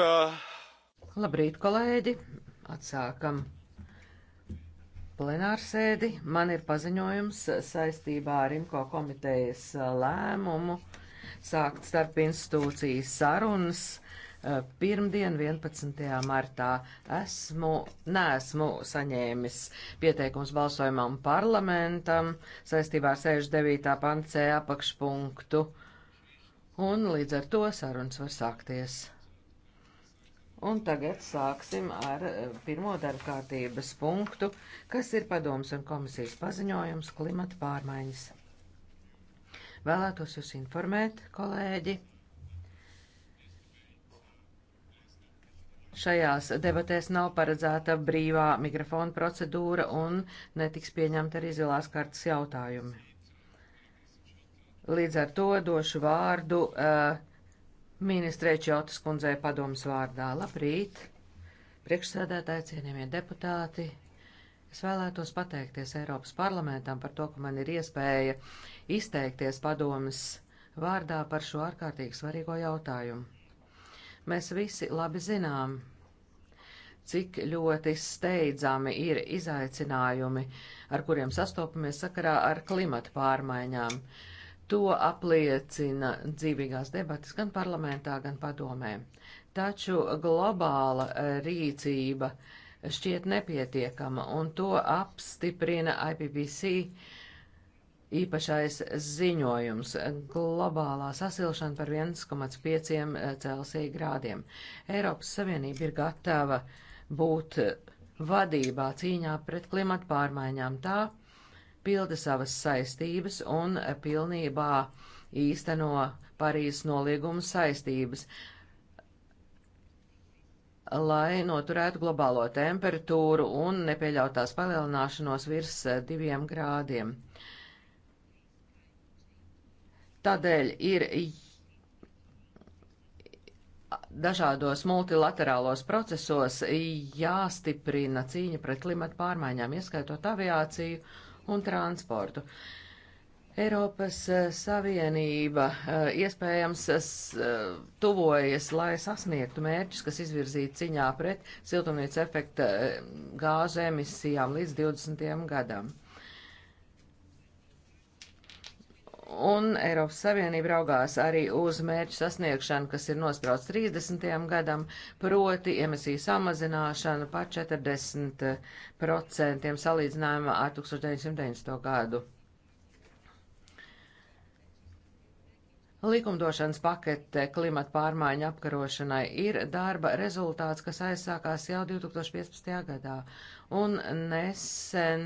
Uh... Labrīt, kolēģi! Atsākam plenārsēdi. Man ir paziņojums saistībā ar IMCO komitejas uh, lēmumu sākt starp institūcijas sarunas. Uh, pirmdien, 11. martā, esmu, nesmu saņēmis pieteikums balsojumam parlamentam saistībā ar 69. pancē apakšpunktu, un līdz ar to sarunas var sākties. Un tagad sāksim ar eh, pirmo darba kārtības punktu, kas ir padoms un komisijas paziņojums klimata pārmaiņas. Vēlētos jūs informēt, kolēģi. Šajās debatēs nav paredzēta brīvā mikrofona procedūra un netiks pieņemta arī zilās kartas jautājumi. Līdz ar to došu vārdu uh, Ministrē Čotas kundzē padomas vārdā. Labrīt! Priekšsēdētāji, cienījamie deputāti! Es vēlētos pateikties Eiropas parlamentam par to, ka man ir iespēja izteikties padomas vārdā par šo ārkārtīgi svarīgo jautājumu. Mēs visi labi zinām, cik ļoti steidzami ir izaicinājumi, ar kuriem sastopamies sakarā ar klimata pārmaiņām. To apliecina dzīvīgās debatas gan parlamentā, gan padomē. Taču globāla e, rīcība šķiet nepietiekama, un to apstiprina IPPC īpašais ziņojums - globālā sasilšana par 1,5 e, Celsija grādiem. Eiropas Savienība ir gatava būt vadībā cīņā pret klimatu pārmaiņām tā, pilda savas saistības un pilnībā īsteno Parīzes noliegumu saistības, lai noturētu globālo temperatūru un nepieļautās palielināšanos virs eh, diviem grādiem. Tādēļ ir dažādos multilaterālos procesos jāstiprina cīņa pret klimatu pārmaiņām, ieskaitot aviāciju un transportu. Eiropas eh, Savienība eh, iespējams eh, tuvojas, lai sasniegtu mērķus, kas izvirzīti ciņā pret siltumnīca efekta gāzu emisijām līdz 20. gadam. Un Eiropas Savienība raugās arī uz mērķu sasniegšanu, kas ir nosprauts 30. gadam, proti emisiju samazināšanu par 40% salīdzinājumā ar 1990. gadu. Likumdošanas pakete klimata pārmaiņu apkarošanai ir darba rezultāts, kas aizsākās jau 2015. gadā un nesen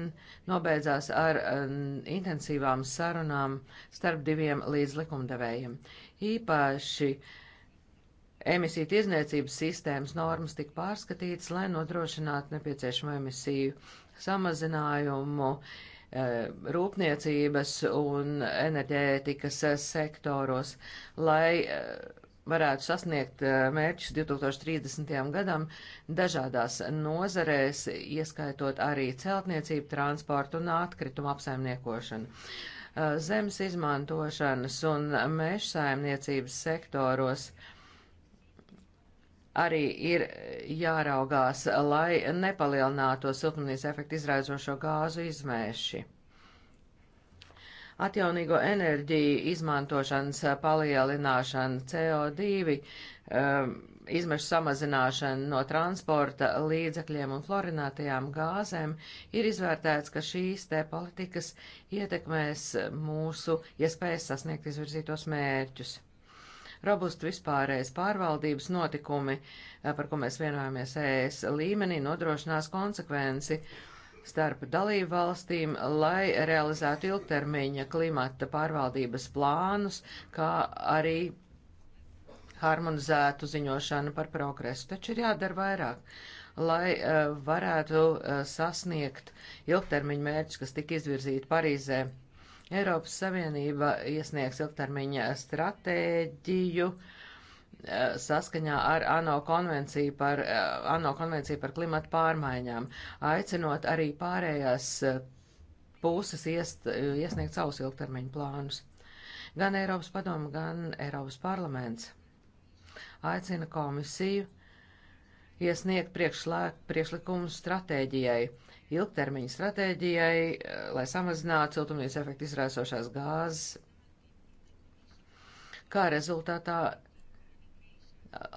nobeidzās ar um, intensīvām sarunām starp diviem līdzlikumdevējiem. Īpaši emisiju tirzniecības sistēmas normas tika pārskatītas, lai nodrošinātu nepieciešamo emisiju samazinājumu. Uh, Eh, rūpniecības un enerģētikas eh, sektoros, lai eh, varētu sasniegt mērķus 2030. gadam dažādās nozarēs, ieskaitot arī celtniecību, transportu un atkritumu apsaimniekošanu. Zemes izmantošanas un mežsaimniecības sektoros uh, arī ir jāraugās, lai nepalielināto siltumnīca efektu izraizošo gāzu izmēši. Atjaunīgo enerģiju izmantošanas palielināšana CO2 um, izmešu samazināšana no transporta līdzekļiem un florinātajām gāzēm, ir izvērtēts, ka šīs te politikas ietekmēs mūsu iespējas ja sasniegt izvirzītos mērķus. Robustu vispārējais pārvaldības notikumi, eh, par ko mēs vienojamies ES līmenī, nodrošinās konsekvenci starp dalību valstīm, lai realizētu ilgtermiņa klimata pārvaldības plānus, kā arī harmonizētu ziņošanu par progresu. Taču ir jādara vairāk, lai uh, varētu uh, sasniegt ilgtermiņa mērķus, kas tika izvirzīti Parīzē Eiropas Savienība iesniegs ilgtermiņa stratēģiju eh, saskaņā ar ANO konvenciju par, eh, ANO konvenciju par klimatu pārmaiņām, aicinot arī pārējās eh, puses iest, iesniegt savus ilgtermiņu plānus. Gan Eiropas padomu, gan Eiropas parlaments aicina komisiju iesniegt priekšlikumu stratēģijai ilgtermiņa stratēģijai, eh, lai samazinātu siltumnīca efektu izraisošās gāzes. Kā rezultātā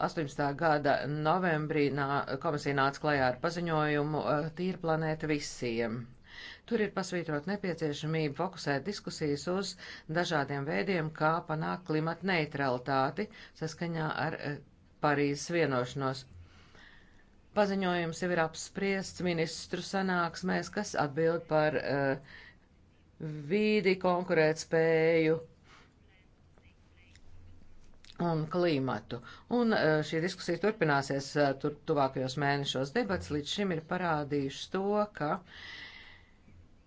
18. gada novembrī nā, komisija nāca klajā ar paziņojumu eh, Tīra planēta visiem. Tur ir pasvītrot nepieciešamību fokusēt diskusijas uz dažādiem veidiem, kā panākt klimata neutralitāti saskaņā ar eh, Parīzes vienošanos. Paziņojums jau ir apspriests ministru sanāksmēs, kas atbild par uh, vīdi, konkurētspēju un klimatu. Un uh, šī diskusija turpināsies uh, tur, tuvākajos mēnešos. Debats līdz šim ir parādījuši to, ka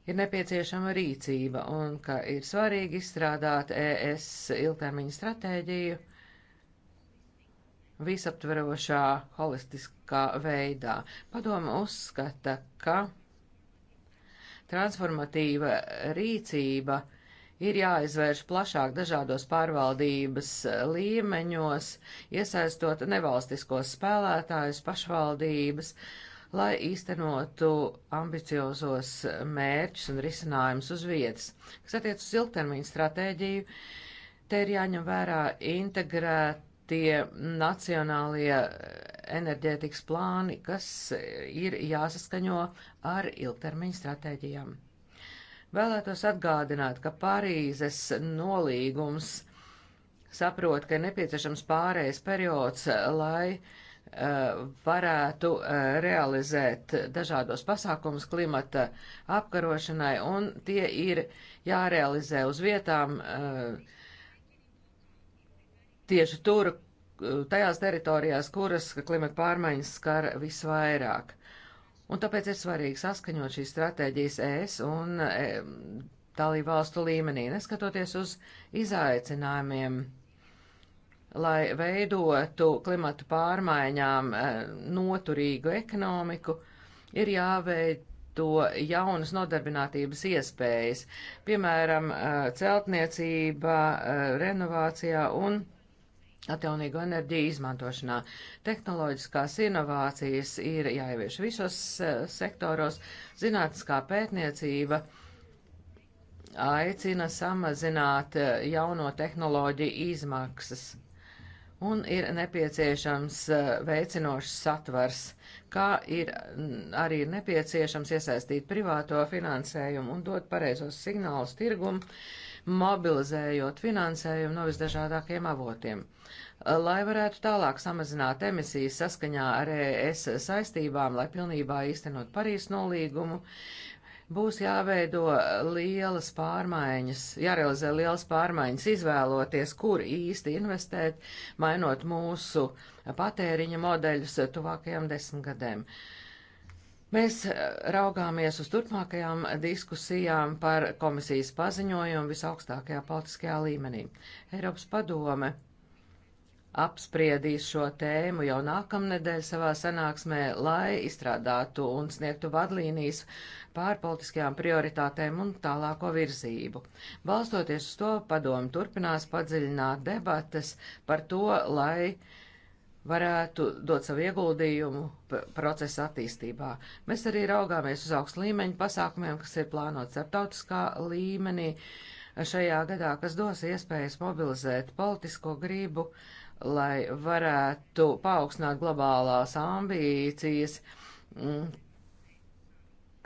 ir nepieciešama rīcība un ka ir svarīgi izstrādāt ES ilgtermiņa stratēģiju visaptverošā, holistiskā veidā. Padoma uzskata, ka transformatīva rīcība ir jāizvērš plašāk dažādos pārvaldības līmeņos, iesaistot nevalstiskos spēlētājus, pašvaldības, lai īstenotu ambiciozos mērķus un risinājumus uz vietas. Kas attiec uz ilgtermiņu stratēģiju, te ir jāņem vērā integrēt tie nacionālie eh, enerģētikas plāni, kas eh, ir jāsaskaņo ar ilgtermiņa stratēģijām. Vēlētos atgādināt, ka Parīzes nolīgums saprot, ka ir nepieciešams pārējais periods, lai uh, varētu uh, realizēt dažādos pasākumus klimata apkarošanai, un tie ir jārealizē uz vietām uh, tieši tur, tajās teritorijās, kuras klimata pārmaiņas skar visvairāk. Un tāpēc ir svarīgi saskaņot šīs stratēģijas ES un e, dalību valstu līmenī, neskatoties uz izaicinājumiem, lai veidotu klimatu pārmaiņām e, noturīgu ekonomiku, ir jāveid to jaunas nodarbinātības iespējas, piemēram, e, celtniecība, e, renovācijā un atjaunīgo enerģiju izmantošanā. Tehnoloģiskās inovācijas ir jāievieš visos eh, sektoros, zinātniskā pētniecība aicina samazināt eh, jauno tehnoloģiju izmaksas. Un ir nepieciešams eh, veicinošs satvers, kā ir mm, arī nepieciešams iesaistīt privāto finansējumu un dot pareizos signālus tirgumu, uh, mobilizējot finansējumu no visdažādākajiem avotiem. Lai varētu tālāk samazināt emisijas saskaņā ar ES saistībām, lai pilnībā īstenot Parīs nolīgumu, būs jāveido lielas pārmaiņas, jārealizē lielas pārmaiņas, izvēloties, kur īsti investēt, mainot mūsu patēriņa modeļus tuvākajām desmitgadēm. Uh, Mēs eh, raugāmies uz turpmākajām diskusijām par komisijas paziņojumu visaugstākajā politiskajā līmenī. Eiropas padome apspriedīs šo tēmu jau nākamnedēļ savā sanāksmē, lai izstrādātu un sniegtu vadlīnijas pār politiskajām prioritātēm un tālāko virzību. Balstoties uz to, padomu turpinās padziļināt debates par to, lai uh, varētu dot savu ieguldījumu procesa attīstībā. Mēs arī raugāmies uz augstu līmeņu pasākumiem, kas ir plānot starptautiskā līmenī šajā gadā, kas dos iespējas mobilizēt politisko gribu, lai varētu paaugstināt globālās ambīcijas, mm,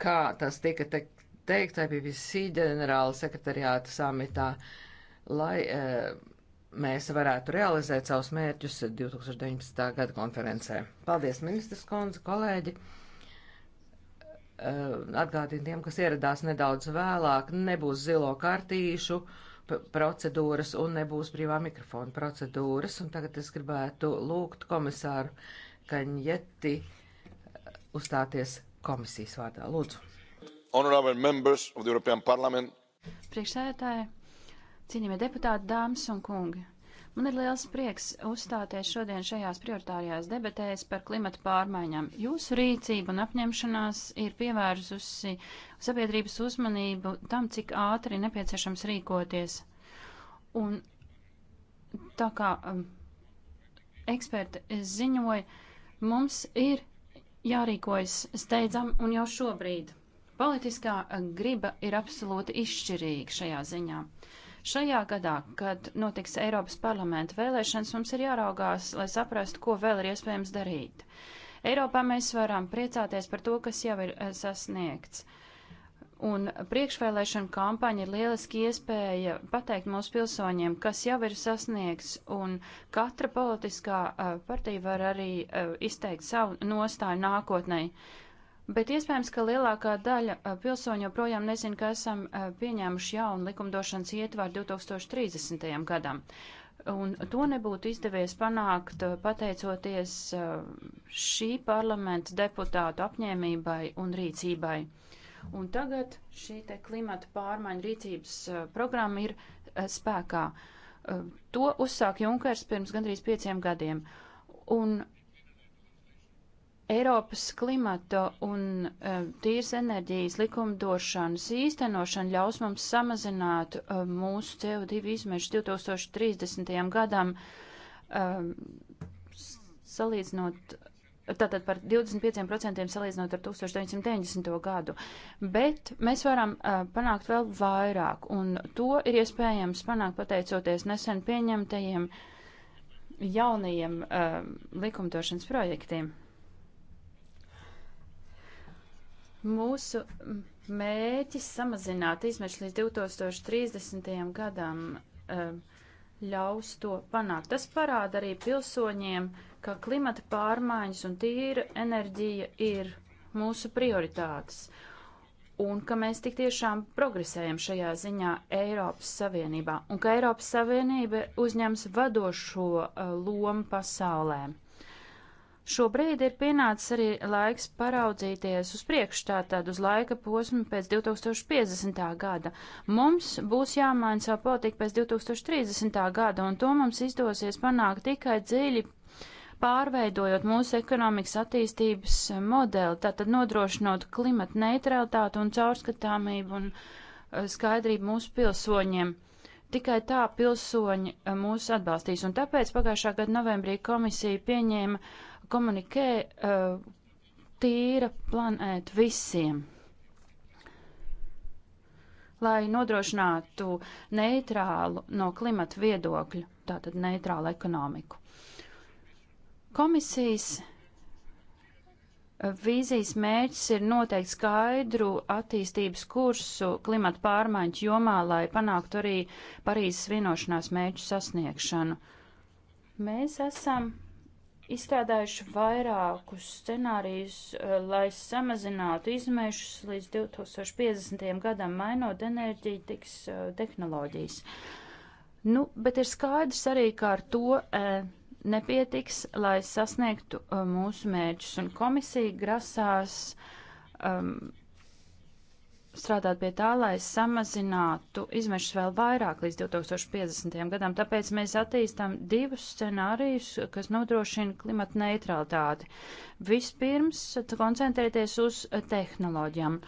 kā tas tika te teikts IPPC ģenerāla sekretariāta samitā, lai eh, mēs varētu realizēt savus mērķus 2019. gada konferencē. Paldies, ministrs Konze, kolēģi! Atgādīju tiem, kas ieradās nedaudz vēlāk, nebūs zilo kartīšu procedūras un nebūs brīvā mikrofona procedūras. Un tagad es gribētu lūgt komisāru Kaņeti uzstāties komisijas vārdā. Lūdzu! Honorable members of the European Parliament. Priekšsēdētāji, Cienījamie deputāti, dāmas un kungi! Man ir liels prieks uzstāties šodien šajās prioritārajās debatēs par klimatu pārmaiņām. Jūsu rīcība un apņemšanās ir pievērsusi sabiedrības uzmanību tam, cik ātri nepieciešams rīkoties. Un tā kā um, eksperti ziņoja, mums ir jārīkojas steidzam un jau šobrīd. Politiskā griba ir absolūti izšķirīga šajā ziņā. Uh, Šajā gadā, kad notiks Eiropas parlamenta vēlēšanas, mums ir jāraugās, lai saprastu, ko vēl ir iespējams darīt. Eiropā mēs varam priecāties par to, kas jau ir eh, sasniegts. Un priekšvēlēšana kampaņa ir lieliski iespēja pateikt mūsu pilsoņiem, kas jau ir sasniegts, un katra politiskā eh, partija var arī eh, izteikt savu nostāju nākotnē. Bet iespējams, ka lielākā daļa pilsoņu joprojām nezina, ka esam pieņēmuši jaunu likumdošanas ietvaru 2030. gadam. Un to nebūtu izdevies panākt pateicoties šī parlamenta deputātu apņēmībai un rīcībai. Un tagad šī te klimata pārmaiņu rīcības programma ir spēkā. To uzsāk Junkers pirms gandrīz pieciem gadiem. Un Eiropas klimata un uh, tīras enerģijas likumdošanas īstenošana ļaus mums samazināt uh, mūsu CO2 izmešus 2030. gadam, uh, salīdzinot, tātad par 25% salīdzinot ar 1990. gadu. Bet mēs varam uh, panākt vēl vairāk, un to ir iespējams panākt pateicoties nesen pieņemtajiem jaunajiem uh, likumdošanas projektiem. Mūsu mēķis samazināt izmešļu līdz 2030. gadam um, ļaus to panākt. Tas parāda arī pilsoņiem, ka klimata pārmaiņas un tīra enerģija ir mūsu prioritātes un ka mēs tik tiešām progresējam šajā ziņā Eiropas Savienībā un ka Eiropas Savienība uzņems vadošo uh, lomu pasaulē. Šobrīd ir pienācis arī laiks paraudzīties uz priekšu, tātad uz laika posmu pēc 2050. gada. Mums būs jāmaina savu politiku pēc 2030. gada, un to mums izdosies panākt tikai dziļi pārveidojot mūsu ekonomikas attīstības modeli, tātad nodrošinot klimata neutralitāti un caurskatāmību un eh, skaidrību mūsu pilsoņiem. Tikai tā pilsoņi eh, mūs atbalstīs, un tāpēc pagājušā gada novembrī komisija pieņēma uh, komunikē uh, tīra planēt visiem. Lai nodrošinātu neitrālu no klimata viedokļu, tātad neitrālu ekonomiku. Komisijas vīzijas mērķis ir noteikt skaidru attīstības kursu klimata pārmaiņu jomā, lai panāktu arī Parīzes vienošanās mērķu sasniegšanu. Mēs esam izstrādājuši vairākus scenārijus, eh, lai samazinātu izmešus līdz 2050. gadam, mainot enerģētikas eh, tehnoloģijas. Nu, bet ir skaidrs arī, ka ar to eh, nepietiks, lai sasniegtu mūsu mērķus, un komisija grasās um, strādāt pie tā, lai samazinātu izmešus vēl vairāk līdz 2050. gadam. Tāpēc mēs attīstām divus scenārijus, kas nodrošina klimata neutralitāti. Vispirms koncentrēties uz tehnoloģijām,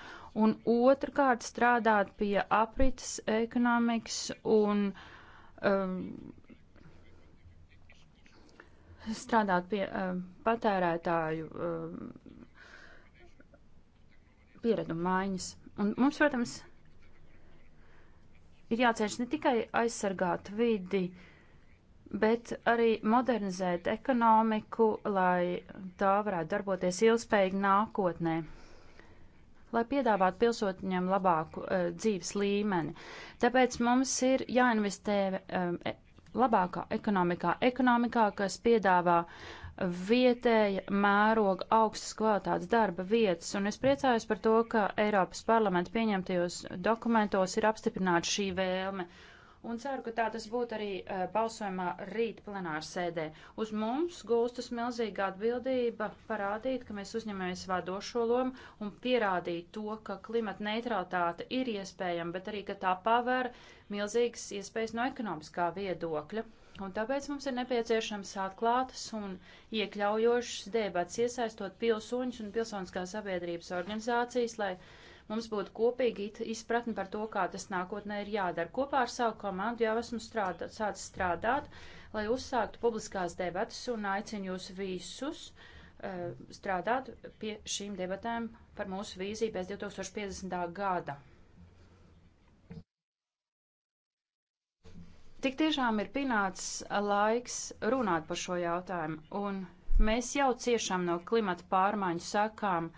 un otrkārt strādāt pie aprites ekonomikas un um, strādāt pie um, patērētāju um, pieredumu maiņas. Un mums, protams, ir jācenš ne tikai aizsargāt vidi, bet arī modernizēt ekonomiku, lai tā varētu darboties ilgspējīgi nākotnē, lai piedāvātu pilsotņiem labāku uh, dzīves līmeni. Tāpēc mums ir jāinvestē um, labākā ekonomikā, ekonomikā, kas piedāvā uh, vietēja mēroga augstas kvalitātes darba vietas, un es priecājos par to, ka Eiropas parlamenta pieņemtajos dokumentos ir apstiprināta šī vēlme. Un ceru, ka tā tas būtu arī uh, balsojumā rīt plenāra sēdē. Uz mums gulstas milzīga atbildība parādīt, ka mēs uzņemamies vadošo lomu un pierādīt to, ka klimata neutralitāte ir iespējama, bet arī, ka tā paver milzīgas iespējas no ekonomiskā viedokļa. Un tāpēc mums ir nepieciešams atklātas un iekļaujošas debats, iesaistot pilsoņus un pilsoniskās sabiedrības organizācijas, lai mums būtu kopīgi izpratni par to, kā tas nākotnē ir jādara. Kopā ar savu komandu jau esmu strādā, sācis strādāt, lai uzsāktu publiskās debatas un aicinu jūs visus uh, strādāt pie šīm debatēm par mūsu vīziju pēc 2050. gada. Tik tiešām ir pienācis laiks runāt par šo jautājumu, un mēs jau ciešam no klimata pārmaiņu sakām.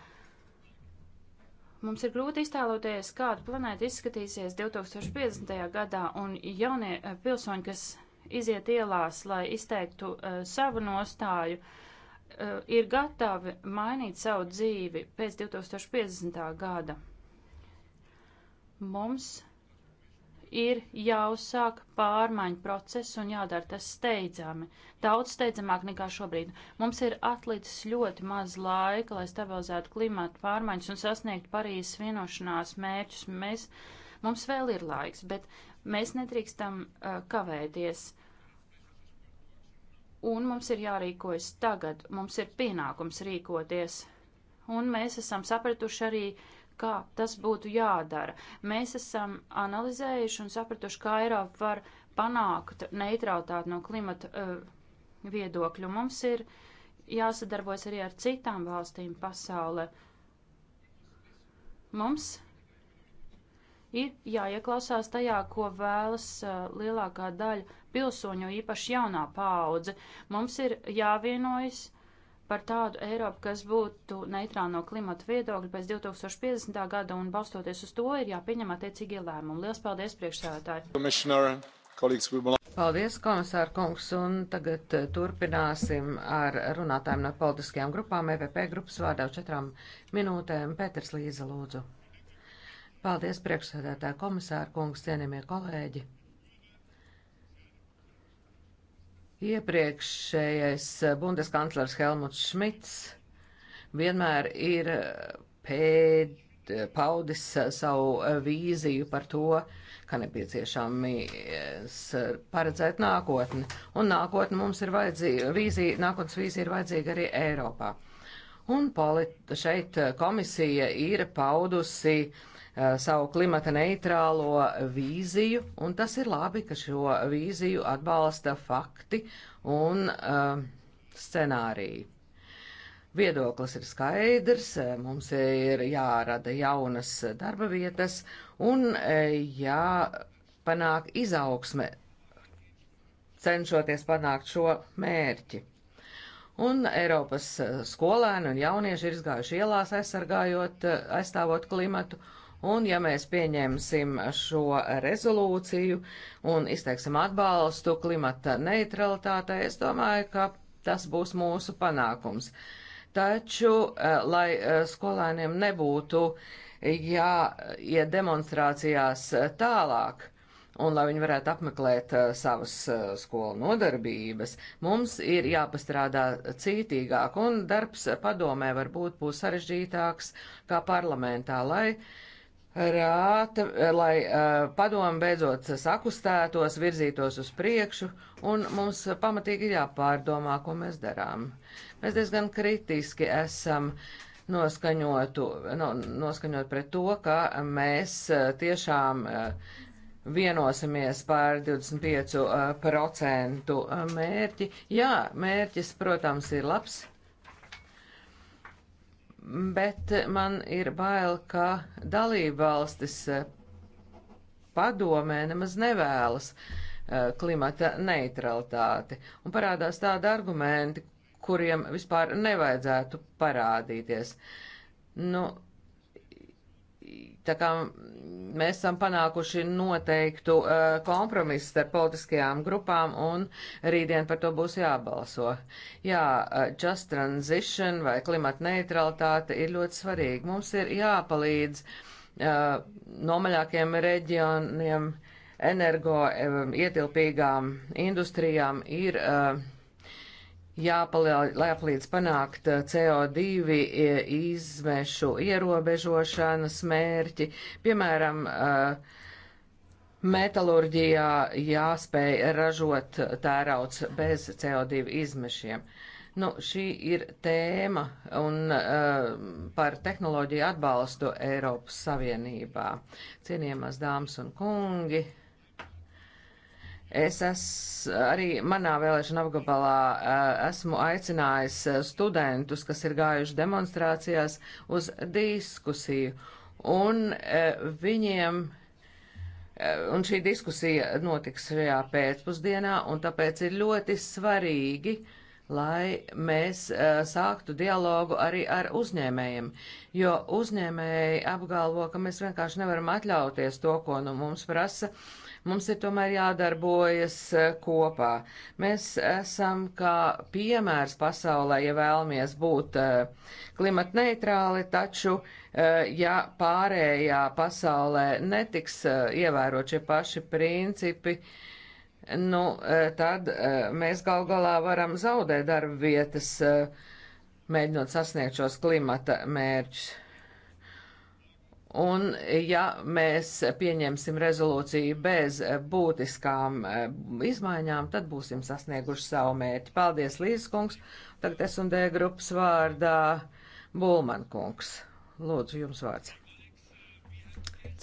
Mums ir grūti iztēloties, kāda planēta izskatīsies 2050. gadā, un jaunie eh, pilsoņi, kas iziet ielās, lai izteiktu uh, savu nostāju, uh, ir gatavi mainīt savu dzīvi pēc 2050. gada. Mums ir jāuzsāk pārmaiņu process un jādara tas steidzami, daudz steidzamāk nekā šobrīd. Mums ir atlicis ļoti maz laika, lai stabilizētu klimatu pārmaiņas un sasniegtu Parīzes vienošanās mērķus. Mēs, mums vēl ir laiks, bet mēs nedrīkstam uh, kavēties. Un mums ir jārīkojas tagad, mums ir pienākums rīkoties. Un mēs esam sapratuši arī uh, kā tas būtu jādara. Mēs esam analizējuši un sapratuši, kā Eiropa var panākt neutralitāti no klimata uh, viedokļu. Mums ir jāsadarbojas arī ar citām valstīm pasaulē. Mums ir jāieklausās tajā, ko vēlas uh, lielākā daļa pilsoņu, īpaši jaunā paudze. Mums ir jāvienojas par tādu Eiropu, kas būtu neitrāla no klimata viedokļa pēc 2050. gada un balstoties uz to ir jāpieņem attiecīgie lēmumi. Lielas paldies priekšsēdētāji! Paldies, komisāra kungs, un tagad eh, turpināsim ar runātājiem no politiskajām grupām. EVP grupas vārdā četrām minūtēm Pēters Līza lūdzu. Paldies, priekšsēdētāja komisāra kungs, cienījamie kolēģi! Iepriekšējais eh, bundeskanclers Helmuts Šmits vienmēr ir eh, pēd, eh, paudis savu vīziju par to, ka nepieciešami paredzēt nākotni. Un nākotni mums ir vajadzīga, vīzija, nākotnes vīzija ir vajadzīga arī Eiropā. Un šeit eh, komisija ir paudusi uh, savu klimata neitrālo vīziju, un tas ir labi, ka šo vīziju atbalsta fakti un uh, scenāriji. Viedoklis ir skaidrs, mums ir jārada jaunas darba vietas un jāpanāk izaugsme, cenšoties panākt šo mērķi. Un Eiropas eh, skolēni un jaunieši ir izgājuši ielās aizsargājot, eh, aizstāvot klimatu. Un ja mēs pieņemsim šo rezolūciju un izteiksim atbalstu klimata neutralitātei, es domāju, ka tas būs mūsu panākums. Taču, eh, lai skolēniem nebūtu jāiet ja demonstrācijās tālāk, un lai viņi varētu apmeklēt uh, savas uh, skolu nodarbības, mums ir jāpastrādā cītīgāk, un darbs padomē varbūt būs sarežģītāks kā parlamentā, lai rāta, lai uh, padomu beidzot sakustētos, virzītos uz priekšu, un mums pamatīgi jāpārdomā, ko mēs darām. Mēs diezgan kritiski esam noskaņotu, no, noskaņot pret to, ka mēs tiešām uh, vienosimies par 25% mērķi. Jā, mērķis, protams, ir labs, bet man ir bail, ka dalība valstis padomē nemaz nevēlas eh, klimata neutralitāti. Un parādās tādi argumenti, kuriem vispār nevajadzētu parādīties. Nu, tā kā mēs esam panākuši noteiktu uh, kompromisu starp politiskajām grupām un rītdien par to būs jābalso. Jā, uh, just transition vai klimata neutralitāte ir ļoti svarīga. Mums ir jāpalīdz uh, nomaļākiem reģioniem, energo um, ietilpīgām industrijām ir. Uh, jāpalīdz panākt eh, CO2 izmešu ierobežošanas mērķi. Piemēram, eh, metalurģijā jāspēj ražot tērauds bez CO2 izmešiem. Nu, šī ir tēma un uh, par tehnoloģiju atbalstu Eiropas Savienībā. Cienījamās dāmas un kungi, Es esmu arī manā vēlēšana apgabalā esmu aicinājis studentus, kas ir gājuši demonstrācijās, uz diskusiju. Un viņiem, un šī diskusija notiks šajā pēcpusdienā, un tāpēc ir ļoti svarīgi, lai mēs sāktu dialogu arī ar uzņēmējiem, jo uzņēmēji apgalvo, ka mēs vienkārši nevaram atļauties to, ko no nu mums prasa Mums ir tomēr jādarbojas eh, kopā. Mēs esam kā piemērs pasaulē, ja vēlamies būt eh, klimat neitrāli, taču, eh, ja pārējā pasaulē netiks ievērot šie paši principi, nu, tad mēs gal galā varam zaudēt darba vietas, mēģinot sasniegt šos klimata mērķus. Un ja mēs pieņemsim rezolūciju bez būtiskām eh, izmaiņām, tad būsim sasnieguši savu mērķi. Paldies, Līdz kungs. Tagad es un D grupas vārdā Bulman kungs. Lūdzu, jums vārds.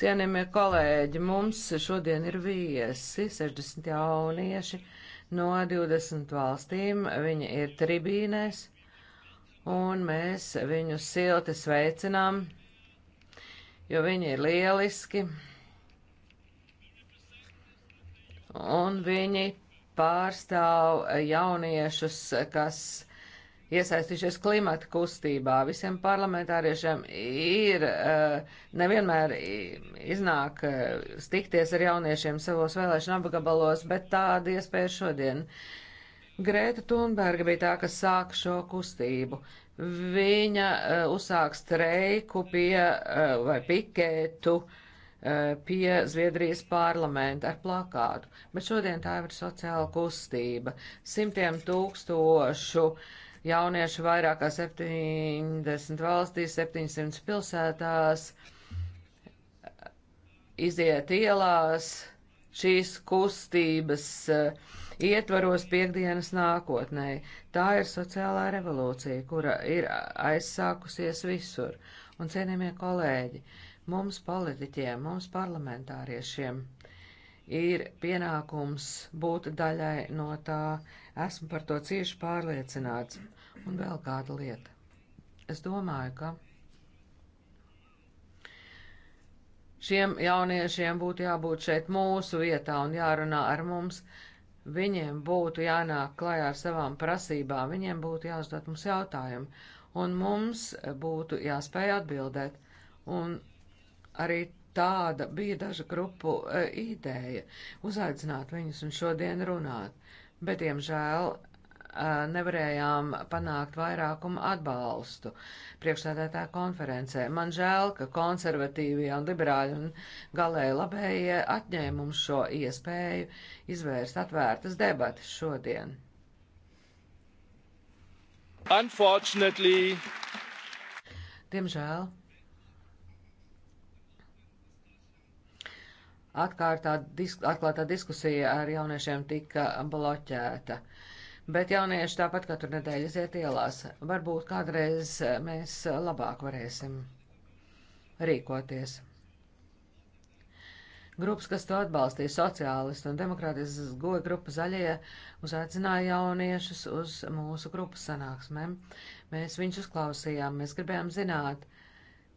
Cienījamie kolēģi, mums šodien ir viesi 60 jaunieši no 20 valstīm. Viņi ir tribīnēs, un mēs viņus silti sveicinām jo viņi ir lieliski un viņi pārstāv jauniešus, kas iesaistījušies klimata kustībā. Visiem parlamentāriešiem ir eh, nevienmēr iznāk eh, stikties ar jauniešiem savos vēlēšana apgabalos, bet tāda iespēja šodien. Grēta Thunberga bija tā, kas sāka šo kustību. Viņa uh, eh, uzsāk streiku pie, uh, vai piketu uh, pie Zviedrijas parlamenta ar plakātu, bet šodien tā ir sociāla kustība. Simtiem tūkstošu jauniešu vairāk kā 70 valstīs, 700 pilsētās iziet ielās šīs kustības uh, ietvaros piekdienas nākotnē. Tā ir sociālā revolūcija, kura ir aizsākusies visur. Un, cienījamie kolēģi, mums politiķiem, mums parlamentāriešiem ir pienākums būt daļai no tā. Esmu par to cieši pārliecināts. Un vēl kāda lieta. Es domāju, ka. Šiem jauniešiem būtu jābūt šeit mūsu vietā un jārunā ar mums, Viņiem būtu jānāk klajā ar savām prasībām, viņiem būtu jāuzdod mums jautājumu, un mums būtu jāspēj atbildēt. Un arī tāda bija dažu grupu e, ideja - uzaicināt viņus un šodien runāt. Bet, diemžēl, nevarējām panākt vairākumu atbalstu priekšstādētā konferencē. Man žēl, ka konservatīvie un liberāļi un galēji labējie atņēma mums šo iespēju izvērst atvērtas debatas šodien. Unfortunately. Diemžēl. Atkārtā, disk, atklātā diskusija ar jauniešiem tika bloķēta. Uh, Bet jaunieši tāpat katru nedēļu iziet ielās. Varbūt kādreiz eh, mēs eh, labāk varēsim rīkoties. Grupas, kas to atbalstīja, sociālisti un demokrātis goja grupa zaļie, uzaicināja jauniešus uz mūsu grupas sanāksmēm. Mēs viņus uzklausījām, mēs gribējām zināt,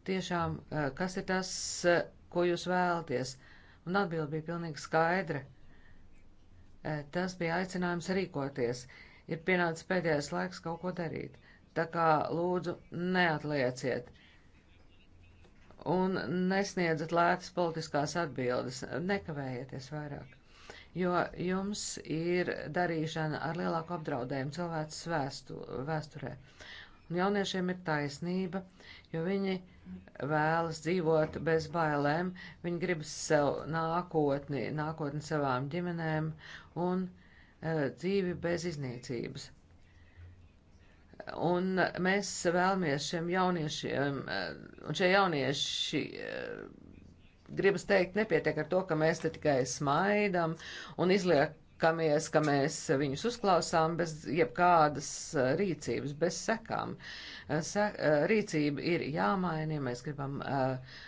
tiešām, eh, kas ir tas, ko jūs vēlaties. Un atbildi bija pilnīgi skaidra Eh, tas bija aicinājums rīkoties. Ir pienācis pēdējais laiks kaut ko darīt. Tā kā lūdzu neatlieciet un nesniedzat lētas politiskās atbildes, nekavējieties vairāk, jo jums ir darīšana ar lielāku apdraudējumu cilvēces vēstu, vēsturē. Un jauniešiem ir taisnība, jo viņi vēlas dzīvot bez bailēm, viņi grib sev nākotni, nākotni savām ģimenēm un uh, dzīvi bez iznīcības. Un mēs vēlamies šiem jauniešiem, e, un šie jaunieši, e, gribas teikt, nepietiek ar to, ka mēs te tikai smaidam un izliek, kamies, ka mēs viņus uzklausām bez jebkādas eh, rīcības, bez sekām. Eh, se, eh, rīcība ir jāmaina, ja mēs gribam uh,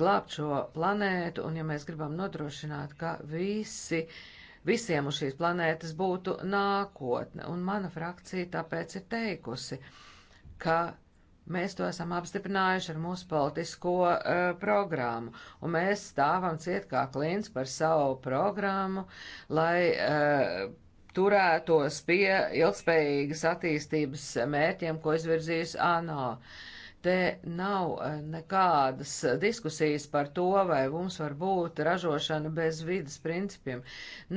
glābt šo planētu un ja mēs gribam nodrošināt, ka visi, visiem uz šīs planētas būtu nākotne. Un mana frakcija tāpēc ir teikusi, ka Mēs to esam apstiprinājuši ar mūsu politisko uh, programmu, un mēs stāvam ciet kā klients par savu programmu, lai uh, turētos pie ilgspējīgas attīstības mērķiem, ko izvirzījis ANO. Te nav eh, nekādas diskusijas par to, vai mums var būt ražošana bez vidas principiem.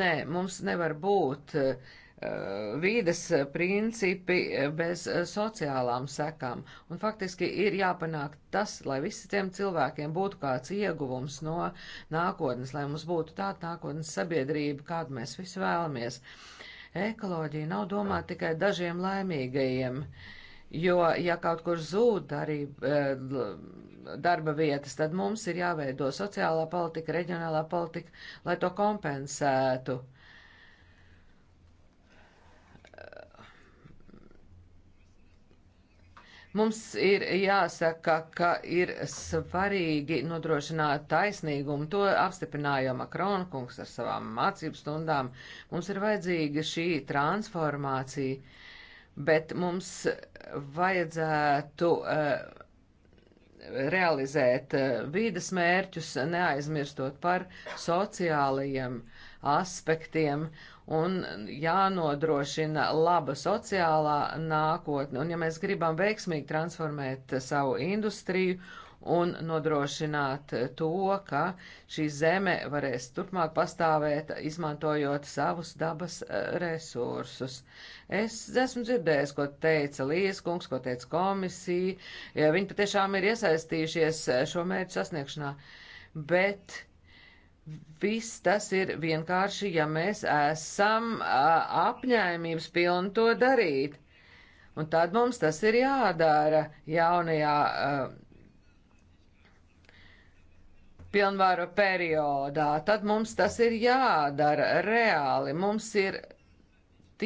Nē, mums nevar būt uh, Eh, vīdes principi bez sociālām sekām. Un faktiski ir jāpanāk tas, lai visiem cilvēkiem būtu kāds ieguvums no nākotnes, lai mums būtu tāda nākotnes sabiedrība, kādu mēs visi vēlamies. Ekoloģija nav domāta tikai dažiem laimīgajiem. Jo, ja kaut kur zūd arī eh, darba vietas, tad mums ir jāveido sociālā politika, reģionālā politika, lai to kompensētu. Uh, Mums ir jāsaka, ka ir svarīgi nodrošināt taisnīgumu. To apstiprināja Makrona kungs ar savām mācību stundām. Mums ir vajadzīga šī transformācija, bet mums vajadzētu uh, realizēt uh, eh, vīdas mērķus, neaizmirstot par sociālajiem aspektiem un jānodrošina laba sociālā nākotne. Un ja mēs gribam veiksmīgi transformēt savu industriju un nodrošināt to, ka šī zeme varēs turpmāk pastāvēt, izmantojot savus dabas eh, resursus. Es esmu dzirdējis, ko teica Līs kungs, ko teica komisija, ja viņi patiešām ir iesaistījušies eh, šo mērķu sasniegšanā, bet Viss tas ir vienkārši, ja mēs esam apņēmības pilni to darīt. Un tad mums tas ir jādara jaunajā uh, pilnvaru periodā. Tad mums tas ir jādara reāli. Mums ir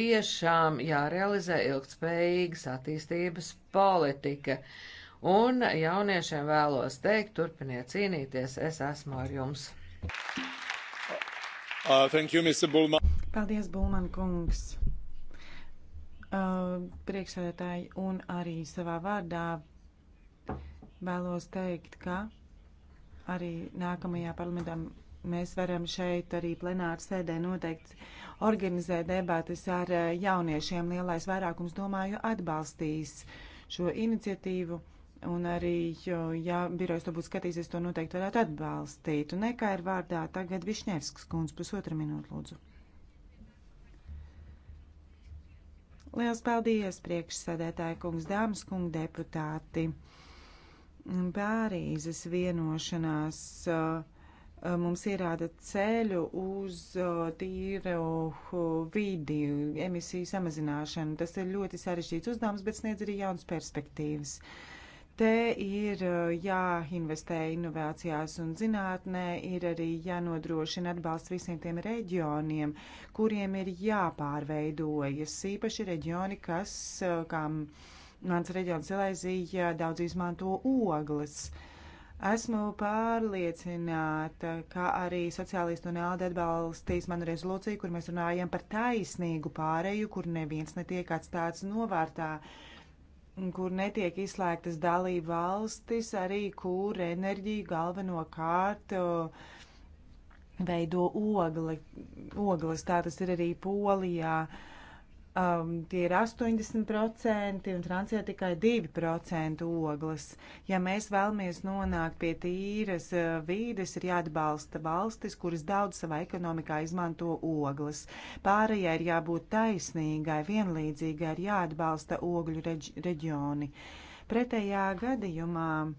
tiešām jārealizē ilgtspējīgas attīstības politika. Un jauniešiem vēlos teikt, turpiniet cīnīties, es esmu ar jums. Uh, thank you, Mr. Bulman. Paldies, Bulman kungs. Uh, priekšsēdētāji un arī savā vārdā vēlos teikt, ka arī nākamajā parlamentā mēs varam šeit arī plenāru sēdē noteikti organizēt debatas ar uh, jauniešiem. Lielais vairākums, domāju, atbalstīs šo iniciatīvu. Un arī, jo, ja birojas to būtu skatījis, es to noteikti varētu atbalstīt. Un nekā ir vārdā tagad Višņevskas kundze, pusotra minūte, lūdzu. Liels paldies, priekšsēdētāji kungs, dāmas kungi deputāti. Pārīzes vienošanās uh, uh, mums ierāda ceļu uz uh, tīru vidi, emisiju samazināšanu. Tas ir ļoti sarežģīts uzdevums, bet sniedz arī jaunas perspektīvas. Uh, Te ir eh, jāinvestē inovācijās un zinātnē, ir arī jānodrošina atbalsts visiem tiem reģioniem, kuriem ir jāpārveidojas, īpaši reģioni, kas, eh, kā mans reģions Silēzija, daudz izmanto ogles. Esmu pārliecināta, ka arī sociālistu un ēlda atbalstīs manu rezolūciju, kur mēs runājam par taisnīgu pāreju, kur neviens netiek atstāts novārtā. Uh, kur netiek izslēgtas dalība valstis, arī kur enerģija galvenokārt veido ogli, ogles. Tā tas ir arī Polijā. Uh, um, tie ir 80% un Francijā tikai 2% ogles. Ja mēs vēlamies nonākt pie tīras uh, vīdes, ir jāatbalsta valstis, kuras daudz savā ekonomikā izmanto ogles. Pārējai ir jābūt taisnīgai, vienlīdzīgai, ir jāatbalsta ogļu reģ reģioni. Pretējā gadījumā uh,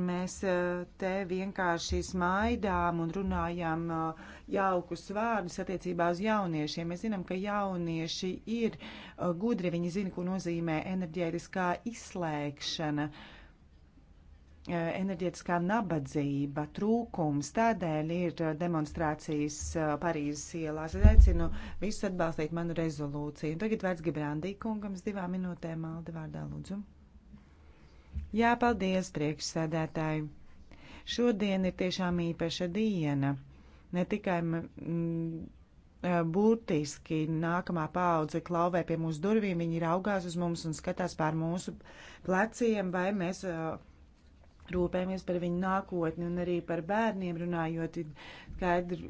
Mēs eh, te vienkārši smaidām un runājām eh, jaukus vārdus attiecībā uz jauniešiem. Mēs zinām, ka jaunieši ir eh, gudri, viņi zina, ko nozīmē enerģētiskā izslēgšana, enerģētiskā nabadzība, trūkums. Tādēļ ir demonstrācijas Parīzes ielās. Es aicinu visus atbalstīt manu rezolūciju. Tagad vērts Gibrandī kungam uz divām minūtēm, Aldi vārdā lūdzu. Jā, paldies, priekšsēdētāji. Šodien ir tiešām īpaša diena. Ne tikai mm, būtiski nākamā paudze klauvē pie mūsu durvīm, viņi raugās uz mums un skatās pār mūsu pleciem, vai mēs. Uh, rūpējamies par viņu nākotni un arī par bērniem runājot. Skaidr,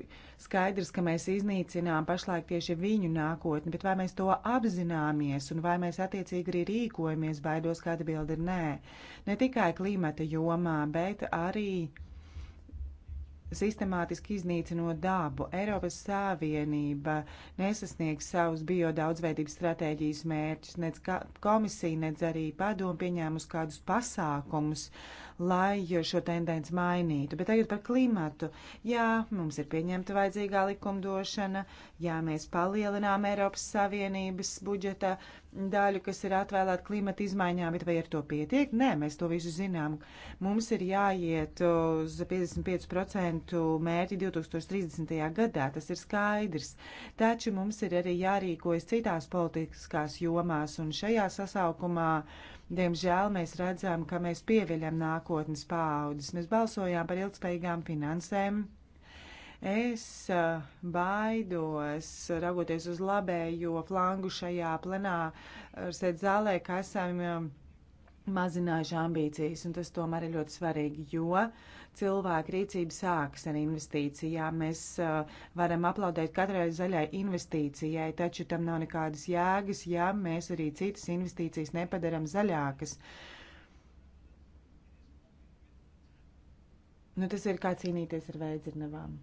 skaidrs, ka mēs iznīcinām pašlaik tieši viņu nākotni, bet vai mēs to apzināmies un vai mēs attiecīgi arī rīkojamies, baidos, ka atbildi ir nē. Ne tikai klimata jomā, bet arī sistemātiski iznīcinot dabu. Eiropas Savienība nesasniegs savus biodaudzveidības stratēģijas mērķus, nec komisija, nec arī padomu pieņēmus kādus pasākumus, uh, lai šo tendenci mainītu. Bet tagad par klimatu. Jā, mums ir pieņemta vajadzīgā likumdošana, jā, mēs palielinām Eiropas Savienības budžeta daļu, kas ir atvēlēta klimata izmaiņām, bet vai ar to pietiek? Nē, mēs to visu zinām. Mums ir jāiet uz 55% mērķi 2030. gadā, tas ir skaidrs. Taču mums ir arī jārīkojas citās politiskās jomās un šajā sasaukumā. Uh, Diemžēl mēs redzam, ka mēs pieviļam nākotnes paaudzes. Mēs balsojām par ilgspējīgām finansēm. Es eh, baidos, raugoties uz labējo flangu šajā plenā, eh, sēd zālē, ka esam eh, mazinājuši ambīcijas, un tas tomēr ir ļoti svarīgi, jo uh, cilvēku rīcība sāks ar investīcijām. Mēs uh, varam aplaudēt katrai zaļai investīcijai, taču tam nav nekādas jēgas, ja mēs arī citas investīcijas nepadaram zaļākas. Nu, tas ir kā cīnīties ar vēdzirnavām.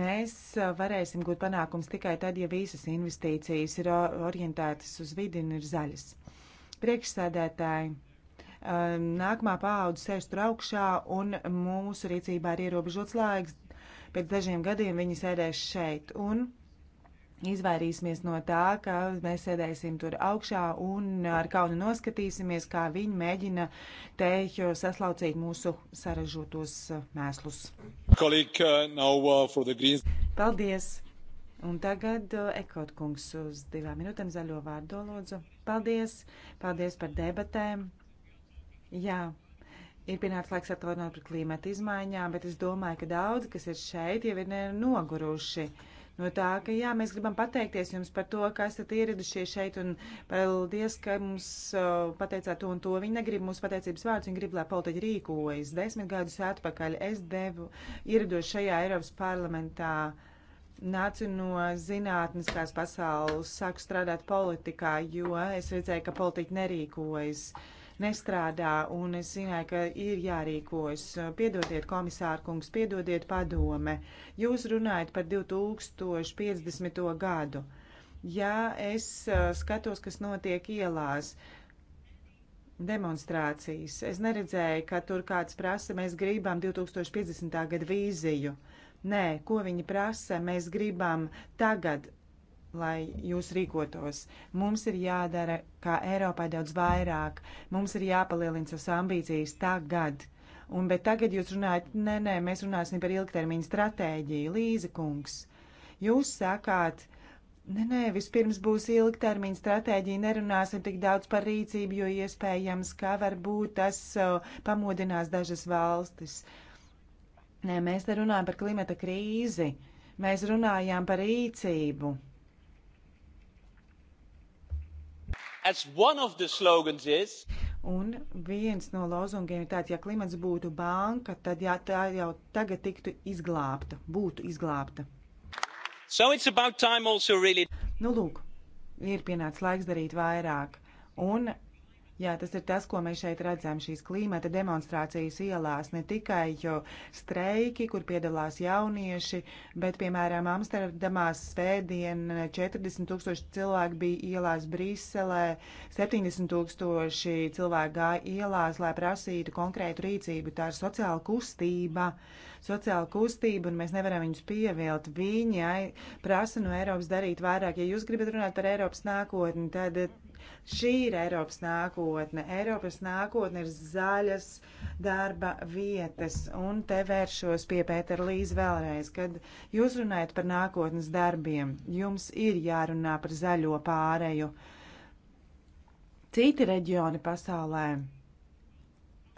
Mēs uh, varēsim gūt panākums tikai tad, ja visas investīcijas ir orientētas uz vidi un ir zaļas. Priekšsēdētāji, Ehm, nākamā paudze sēž tur augšā un mūsu rīcībā ir ierobežots laiks. Pēc dažiem gadiem viņi sēdēs šeit. Un Izvairīsimies no tā, ka mēs sēdēsim tur augšā un ar kaunu noskatīsimies, kā viņi mēģina te saslaucīt mūsu saražotos eh, mēslus. Kolīgi, uh, now, uh, Paldies! Un tagad uh, Ekot kungs uz divām minūtēm zaļo vārdu lūdzu. Paldies! Paldies par debatēm! Jā. Ir pienācis laiks atvainot par klimata izmaiņām, bet es domāju, ka daudzi, kas ir šeit, jau ir noguruši. No tā, ka jā, mēs gribam pateikties jums par to, ka esat ieradušies šeit un paldies, ka mums uh, pateicāt to un to. Viņi negrib mūsu pateicības vārdus, viņi grib, lai politiķi rīkojas. Desmit gadus atpakaļ es devu ierados šajā Eiropas parlamentā. Nācu no zinātniskās pasaules, sāku strādāt politikā, jo es redzēju, ka politiķi nerīkojas. Uh, nestrādā, un es zināju, ka ir jārīkojas. Piedodiet, komisārkungs, piedodiet padome. Jūs runājat par 2050. gadu. Ja es uh, skatos, kas notiek ielās, demonstrācijas, es neredzēju, ka tur kāds prasa, mēs gribam 2050. gadu vīziju. Nē, ko viņi prasa, mēs gribam tagad lai jūs rīkotos. Mums ir jādara, kā Eiropai, daudz vairāk. Mums ir jāpalielina savas ambīcijas tagad. Un, bet tagad jūs runājat, nē, nē, mēs runāsim par ilgtermiņa stratēģiju, Līza kungs. Jūs sakāt, nē, nē, vispirms būs ilgtermiņa stratēģija, nerunāsim tik daudz par rīcību, jo iespējams, ka varbūt tas uh, pamodinās dažas valstis. Nē, mēs te runājam par klimata krīzi, mēs runājām par rīcību. Is... Un viens no lozungiem ir tāds, ja klimats būtu banka, tad jā, tā jau tagad tiktu izglābta, būtu izglābta. So also, really... Nu lūk, ir pienācis laiks darīt vairāk. Un Jā, tas ir tas, ko mēs šeit redzam, šīs klimata demonstrācijas ielās, ne tikai streiki, kur piedalās jaunieši, bet, piemēram, Amsterdamā svētdien 40 tūkstoši cilvēku bija ielās Briselē, 70 tūkstoši cilvēku gāja ielās, lai prasītu konkrētu rīcību. Tā ir sociāla kustība, sociāla kustība, un mēs nevaram viņus pievilt. Viņi prasa no Eiropas darīt vairāk. Ja jūs gribat runāt par Eiropas nākotni, tad Šī ir Eiropas nākotne. Eiropas nākotne ir zaļas darba vietas. Un te vēršos pie Pētera Līza vēlreiz, kad jūs runājat par nākotnes darbiem. Jums ir jārunā par zaļo pārēju. Citi reģioni pasaulē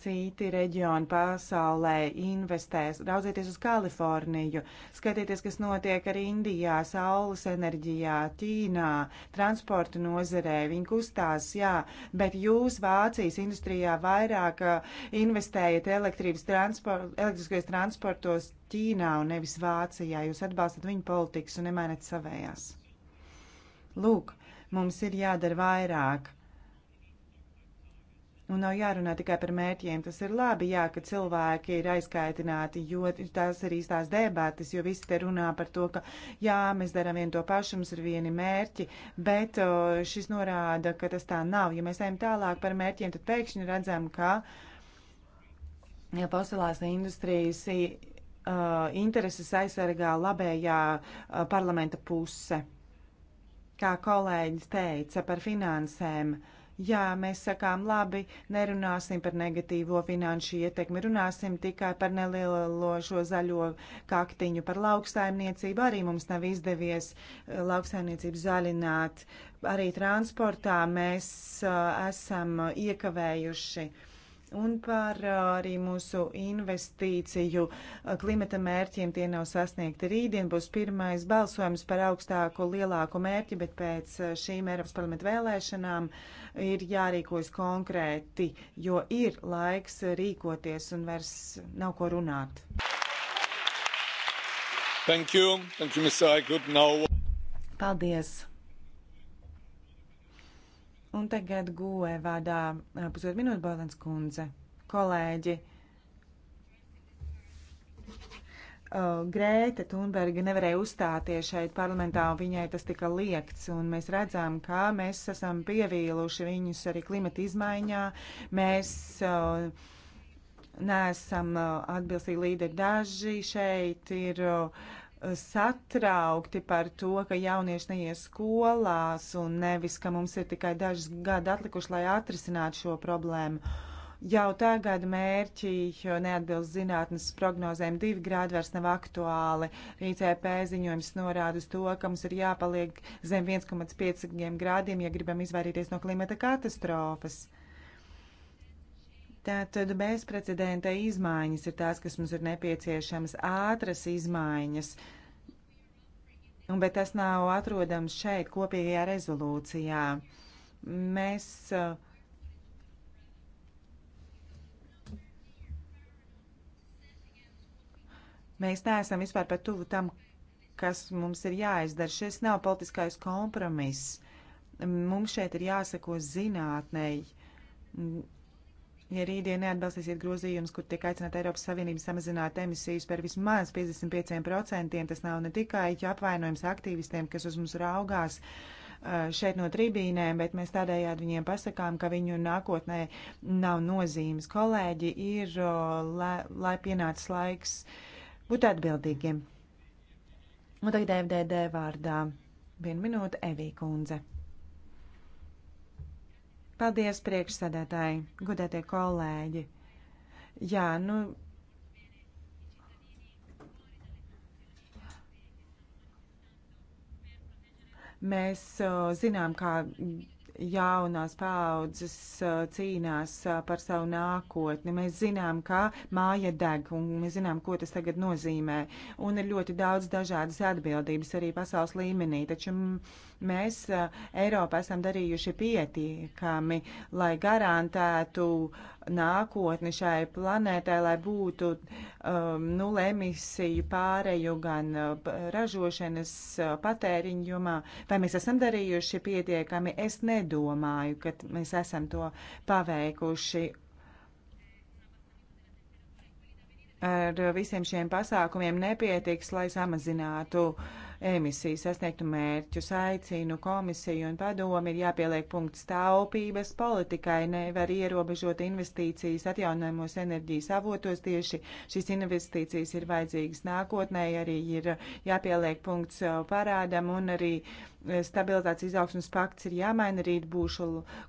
Citi reģioni pasaulē investēs. Raudzieties uz Kaliforniju, skatieties, kas notiek arī Indijā, saules enerģijā, Ķīnā, transporta nozerē. Viņi kustās, jā, bet jūs Vācijas industrijā vairāk uh, investējat elektrības transport, elektriskajos transportos Ķīnā un nevis Vācijā. Jūs atbalstat viņu politikas un nemainat savējās. Lūk, mums ir jādara vairāk Nu, nav jārunā tikai par mērķiem. Tas ir labi, jā, ka cilvēki ir aizkaitināti, jo tās ir īstās debātas, jo visi te runā par to, ka jā, mēs darām vienu to pašu, mums ir vieni mērķi, bet o, šis norāda, ka tas tā nav. Ja mēs ejam tālāk par mērķiem, tad pēkšņi redzam, ka ja fosilās industrijas uh, intereses aizsargā labējā uh, parlamenta puse. Kā kolēģis teica par finansēm, uh, Jā, mēs sakām, labi, nerunāsim par negatīvo finanšu ietekmi, runāsim tikai par nelielo šo zaļo kaktiņu, par lauksaimniecību. Arī mums nav izdevies eh, lauksaimniecību zaļināt. Arī transportā mēs uh, esam iekavējuši uh, un par arī mūsu investīciju klimata mērķiem tie nav sasniegti. Rītdien būs pirmais balsojums par augstāku, lielāku mērķi, bet pēc šīm Eiropas parlamenta vēlēšanām ir jārīkojas konkrēti, jo ir laiks rīkoties un vairs nav ko runāt. Thank you. Thank you, Mr. Aykut. Now... Paldies. Un tagad guvē vārdā pusotru minūtu Balens kundze. Kolēģi, Grēta Thunberga nevarēja uzstāties šeit parlamentā, un viņai tas tika liekts, un mēs redzam, ka mēs esam pievīluši viņus arī klimata izmaiņā. Mēs uh, neesam uh, atbilstīgi līderi daži šeit ir. Uh, satraukti par to, ka jaunieši neies skolās un nevis, ka mums ir tikai dažas gadi atlikuši, lai atrisinātu šo problēmu. Jau tagad mērķi neatbilst zinātnes prognozēm, divi grādi vairs nav aktuāli. ICP ziņojums norāda uz to, ka mums ir jāpaliek zem 1,5 grādiem, ja gribam izvairīties no klimata katastrofas. Tātad bezprecedenta izmaiņas ir tās, kas mums ir nepieciešamas, ātras izmaiņas, bet tas nav atrodams šeit kopīgajā rezolūcijā. Mēs uh, Mēs neesam vispār par tuvu tam, kas mums ir jāizdara. Šis nav politiskais kompromiss. Mums šeit ir jāseko zinātnēji. Ja rītdien neatbalstīsiet grozījumus, kur tiek aicināt Eiropas Savienību samazināt emisijas par vismaz 55%, tas nav ne tikai apvainojums aktīvistiem, kas uz mums raugās uh, šeit no tribīnēm, bet mēs tādējādi viņiem pasakām, ka viņu nākotnē nav nozīmes. Kolēģi, ir, uh, lai, lai pienācis laiks būt atbildīgiem. Un tagad FDD vārdā. Vienu minūte Evī Kundze. Paldies, priekšsēdētāji, gudētie kolēģi. Jā, nu. Mēs o, zinām, kā jaunās paaudzes cīnās par savu nākotni. Mēs zinām, ka māja deg, un mēs zinām, ko tas tagad nozīmē. Un ir ļoti daudz dažādas atbildības arī pasaules līmenī, taču mēs Eiropā esam darījuši pietiekami, lai garantētu nākotni šai planētai, lai būtu um, nulle emisiju pāreju gan ražošanas patēriņu jomā. Vai mēs esam darījuši pietiekami? Es nedomāju nedomāju, ka mēs esam to paveikuši. Ar visiem šiem pasākumiem nepietiks, lai samazinātu uh, emisiju sasniegtu mērķus. Aicinu komisiju un padomu ir jāpieliek punkts taupības politikai, nevar ierobežot investīcijas atjaunojumos enerģijas avotos. Tieši šīs investīcijas ir vajadzīgas nākotnē, arī ir jāpieliek punkts parādam un arī stabilitātes izaugsmas pakts ir jāmaina. Rīt būšu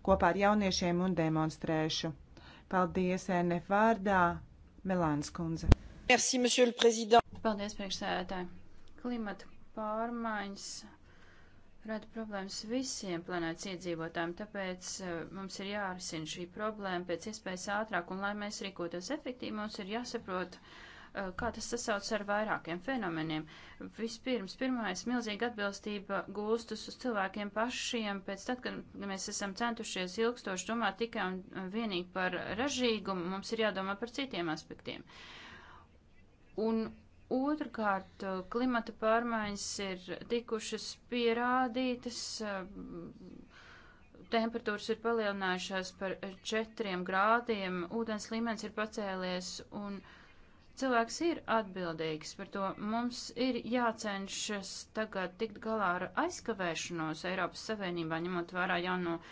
kopā ar jauniešiem un demonstrēšu. Paldies NF vārdā, Melāns kundze. Merci, Paldies, priekšsēdētāji. Klimata pārmaiņas rada problēmas visiem planētas iedzīvotājiem, tāpēc eh, mums ir jārisina šī problēma pēc iespējas ātrāk, un lai mēs rīkotos efektīvi, mums ir jāsaprot, eh, kā tas sasauc ar vairākiem fenomeniem. Vispirms, pirmais, milzīga atbilstība gūstus uz cilvēkiem pašiem, pēc tad, kad mēs esam centušies ilgstoši domāt tikai un vienīgi par ražīgumu, mums ir jādomā par citiem aspektiem. Un Otrkārt, eh, klimata pārmaiņas ir tikušas pierādītas, eh, temperatūras ir palielinājušās par četriem grādiem, ūdens līmenis ir pacēlies un cilvēks ir atbildīgs par to. Mums ir jācenšas tagad tikt galā ar aizkavēšanos Eiropas Savienībā, ņemot vērā jauno. No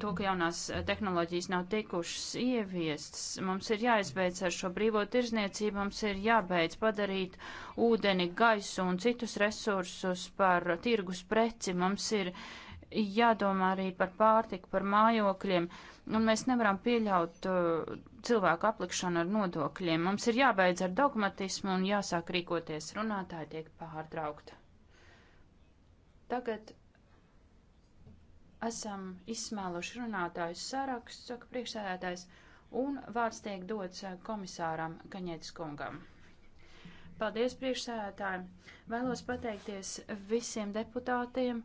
to, ka jaunās tehnoloģijas nav tikušas ieviestas. Mums ir jāizbeidz ar šo brīvo tirzniecību, mums ir jābeidz padarīt ūdeni, gaisu un citus resursus par tirgus preci. Mums ir jādomā arī par pārtiku, par mājokļiem, un mēs nevaram pieļaut uh, cilvēku aplikšanu ar nodokļiem. Mums ir jābeidz ar dogmatismu un jāsāk rīkoties. Runātāji tiek pārtraukta. Tagad esam izsmēluši runātājus sarakstu, saka priekšsēdētājs, un vārds tiek dots eh, komisāram Kaņētis kungam. Paldies priekšsēdētājiem! Vēlos pateikties visiem deputātiem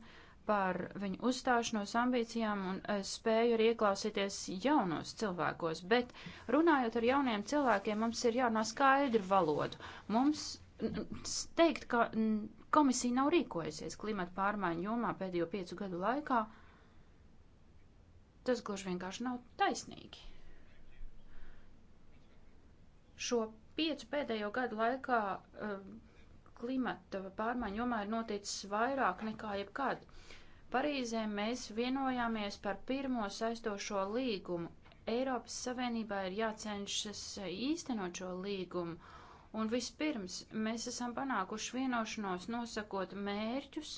par viņu uzstāšanos, ambīcijām un spēju arī ieklausīties jaunos cilvēkos, bet runājot ar jauniem cilvēkiem, mums ir jārunā skaidru valodu. Mums teikt, ka komisija nav rīkojusies klimata pārmaiņu jomā pēdējo piecu gadu laikā, Tas gluži vienkārši nav taisnīgi. Šo piecu pēdējo gadu laikā um, klimata pārmaiņu jomā ir noticis vairāk nekā jebkad. Parīzē mēs vienojāmies par pirmo saistošo līgumu. Eiropas Savienībā ir jācenšas īstenot šo līgumu, un vispirms mēs esam panākuši vienošanos nosakot mērķus,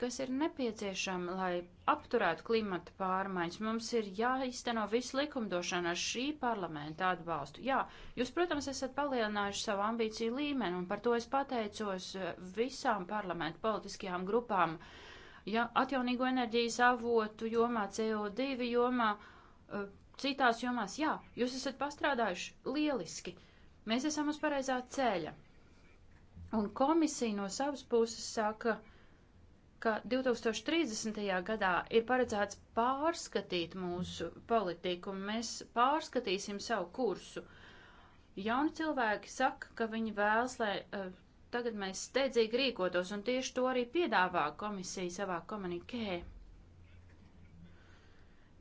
kas ir nepieciešama, lai apturētu klimata pārmaiņas. Mums ir jāizteno visu likumdošanu ar šī parlamenta atbalstu. Jā, jūs, protams, esat palielinājuši savu ambīciju līmeni, un par to es pateicos eh, visām parlamenta politiskajām grupām. Ja atjaunīgo enerģijas avotu jomā, CO2 jomā, eh, citās jomās, jā, jūs esat pastrādājuši lieliski. Mēs esam uz pareizā ceļa. Un komisija no savas puses saka, ka ka 2030. gadā ir paredzēts pārskatīt mūsu politiku, un mēs pārskatīsim savu kursu. Jauni cilvēki saka, ka viņi vēlas, lai uh, tagad mēs steidzīgi rīkotos, un tieši to arī piedāvā komisija savā komunikē.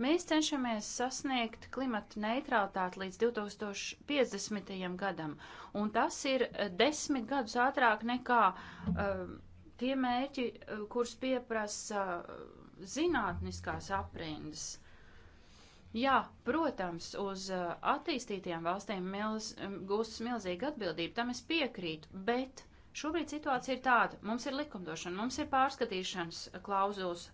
Mēs cenšamies sasniegt klimata neutralitāti līdz 2050. gadam, un tas ir eh, desmit gadus ātrāk nekā uh, tie mērķi, eh, kurus pieprasa eh, zinātniskās aprindas. Jā, protams, uz eh, attīstītajām valstīm milz, gūstas milzīga atbildība, tam es piekrītu, bet šobrīd situācija ir tāda, mums ir likumdošana, mums ir pārskatīšanas klauzulas,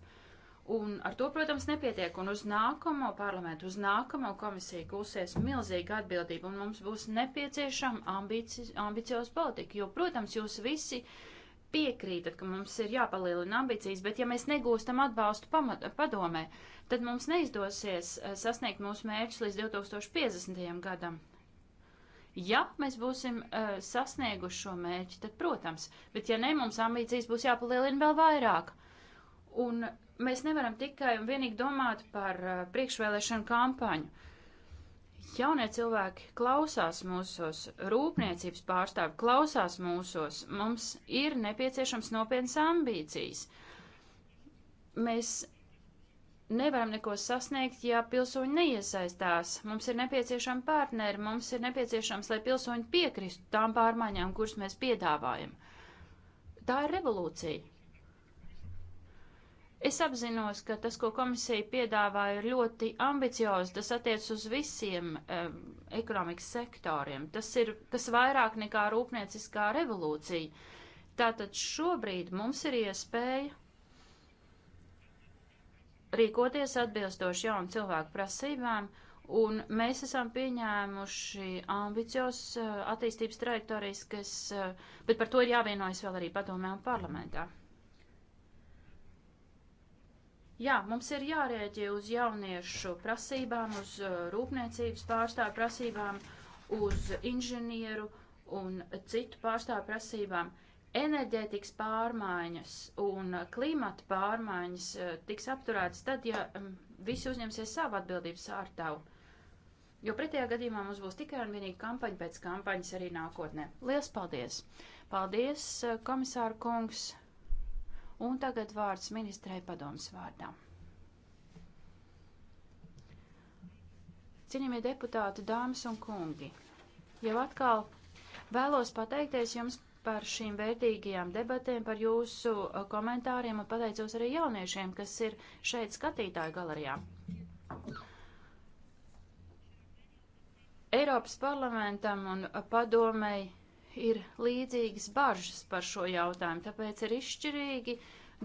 un ar to, protams, nepietiek, un uz nākamo parlamentu, uz nākamo komisiju gūsies milzīga atbildība, un mums būs nepieciešama ambici, ambicioza politika, jo, protams, jūs visi uh, piekrītat, ka mums ir jāpalielina ambīcijas, bet ja mēs negūstam atbalstu pamat, padomē, tad mums neizdosies eh, sasniegt mūsu mērķus līdz 2050. gadam. Ja mēs būsim uh, sasnieguši šo mērķi, tad, protams, bet ja ne, mums ambīcijas būs jāpalielina vēl vairāk. Un mēs nevaram tikai un vienīgi domāt par uh, priekšvēlēšanu kampaņu. Jaunie cilvēki klausās mūsos, rūpniecības pārstāvi klausās mūsos, mums ir nepieciešams nopietnas ambīcijas. Mēs nevaram neko sasniegt, ja pilsoņi neiesaistās. Mums ir nepieciešama partneri, mums ir nepieciešams, lai pilsoņi piekristu tām pārmaiņām, kuras mēs piedāvājam. Tā ir revolūcija. Es apzinos, ka tas, ko komisija piedāvā, ir ļoti ambiciozi. Tas attiec uz visiem um, ekonomikas sektoriem. Tas ir kas vairāk nekā rūpnieciskā revolūcija. Tātad šobrīd mums ir iespēja rīkoties atbilstoši jaunu cilvēku prasībām, un mēs esam pieņēmuši ambiciozus eh, attīstības trajektorijas, kas, eh, bet par to ir jāvienojas vēl arī padomē un parlamentā. Jā, mums ir jārēģē uz jauniešu prasībām, uz uh, rūpniecības pārstāvu prasībām, uz inženieru un citu pārstāvu prasībām. Enerģētikas pārmaiņas un uh, klimata pārmaiņas uh, tiks apturētas tad, ja um, visi uzņemsies savu atbildības ārtavu. Jo pretējā gadījumā mums būs tikai un vienīgi kampaņa pēc kampaņas arī nākotnē. Lielas paldies! Paldies, komisāra kungs! Un tagad vārds ministrei padomas vārdā. Cienījamie deputāti, dāmas un kungi, jau atkal vēlos pateikties jums par šīm vērtīgajām debatēm, par jūsu uh, komentāriem un pateicos arī jauniešiem, kas ir šeit skatītāju galerijā. Eiropas parlamentam un padomēji ir līdzīgas bažas par šo jautājumu, tāpēc ir izšķirīgi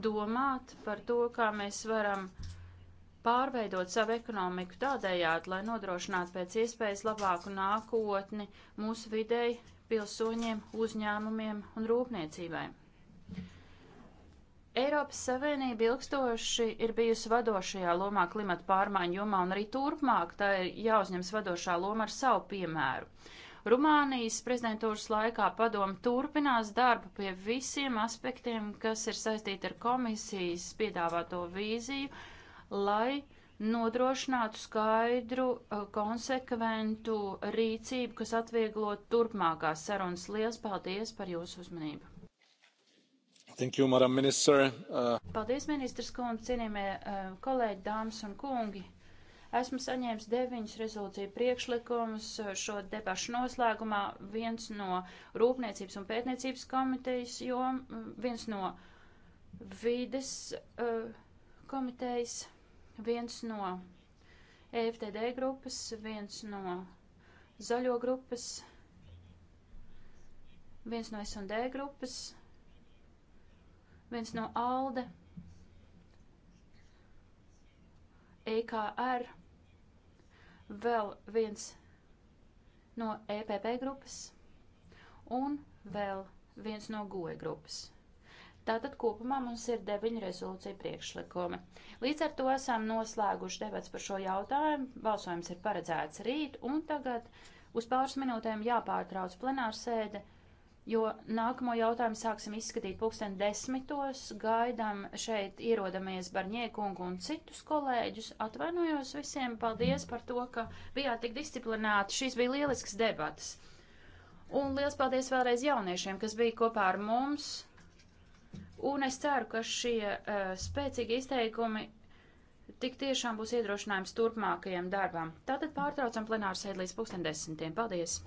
domāt par to, kā mēs varam pārveidot savu ekonomiku tādējādi, lai nodrošinātu pēc iespējas labāku nākotni mūsu videi, pilsoņiem, uzņēmumiem un rūpniecībai. Eiropas Savienība ilgstoši ir bijusi vadošajā lomā klimata pārmaiņu jomā un arī turpmāk tā ir jāuzņems vadošā loma ar savu piemēru. Rumānijas prezidentūras laikā padoma turpinās darbu pie visiem aspektiem, kas ir saistīti ar komisijas piedāvāto vīziju, lai nodrošinātu skaidru, uh, konsekventu rīcību, kas atvieglot turpmākās sarunas. Lielas paldies par jūsu uzmanību! Thank you, Madam Minister. Uh... Paldies, ministrs kundze, cienījamie uh, kolēģi, dāmas un kungi! Esmu saņēmis deviņus rezolūciju priekšlikumus šo debašu noslēgumā. Viens no Rūpniecības un pētniecības komitejas jom, viens no vides uh, komitejas, viens no EFTD grupas, viens no zaļo grupas, viens no S&D grupas, viens no ALDE. EKR, vēl viens no EPP grupas un vēl viens no GOE grupas. Tātad kopumā mums ir deviņi rezolūcija priekšlikumi. Līdz ar to esam noslēguši debats par šo jautājumu. Balsojums ir paredzēts rīt, un tagad uz pāris minūtēm jāpārtrauc plenārsēde. sēde jo nākamo jautājumu sāksim izskatīt pulksten desmitos. Gaidām šeit ierodamies Barņiekungu un citus kolēģus. Atvainojos visiem, paldies par to, ka bijāt tik disciplināti. Šīs bija lielisks debatas. Un liels paldies vēlreiz jauniešiem, kas bija kopā ar mums. Un es ceru, ka šie uh, spēcīgi izteikumi tik tiešām būs iedrošinājums turpmākajam darbam. Tātad pārtraucam plenāru sēdi līdz pusdien desmitiem. Paldies!